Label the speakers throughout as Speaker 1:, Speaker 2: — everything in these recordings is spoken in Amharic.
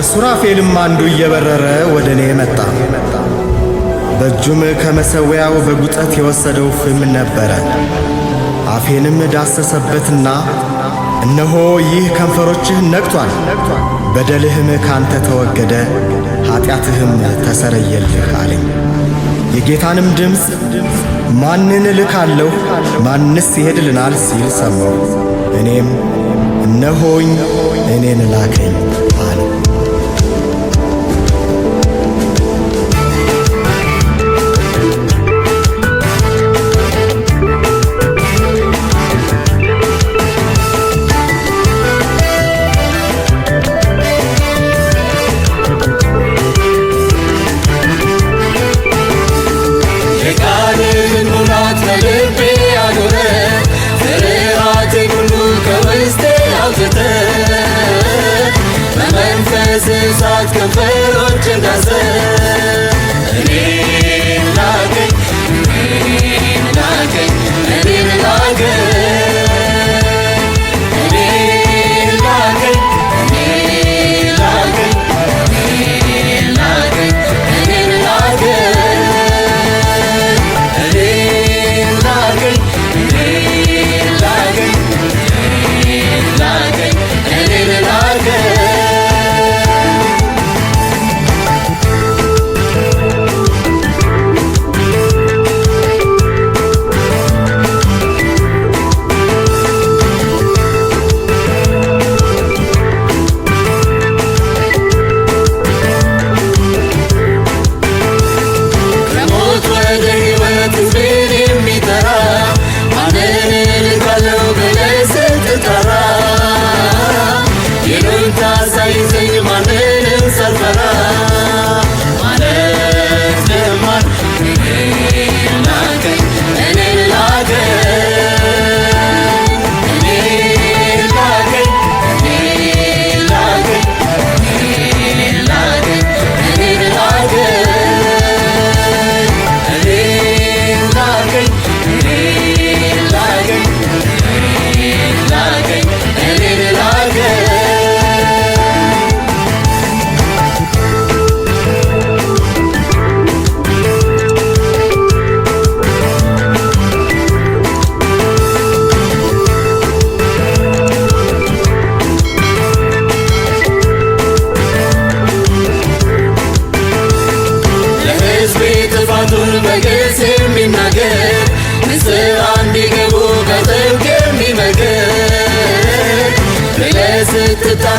Speaker 1: ከሱራፌልም አንዱ እየበረረ ወደ እኔ መጣ። በእጁም ከመሠዊያው በጉጠት የወሰደው ፍም ነበረ። አፌንም ዳሰሰበትና እነሆ ይህ ከንፈሮችህ ነቅቷል፣ በደልህም ካንተ ተወገደ፣ ኀጢአትህም ተሰረየልህ አለኝ። የጌታንም ድምፅ ማንን እልካለሁ? ማንስ ይሄድልናል? ሲል ሰማሁ። እኔም እነሆኝ፣ እኔን ላከኝ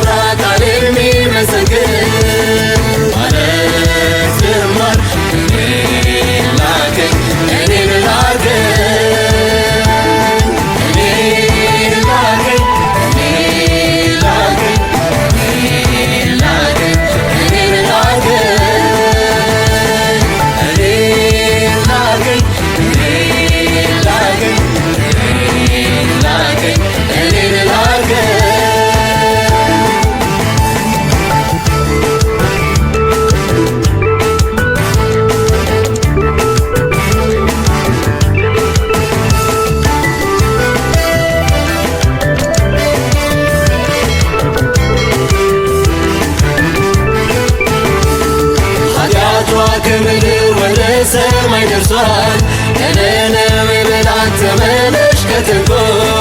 Speaker 2: la ከምድር ወደ ሰማይ ደርሷል። ለነነዌ ብላት ተመለሽ ከትርጎ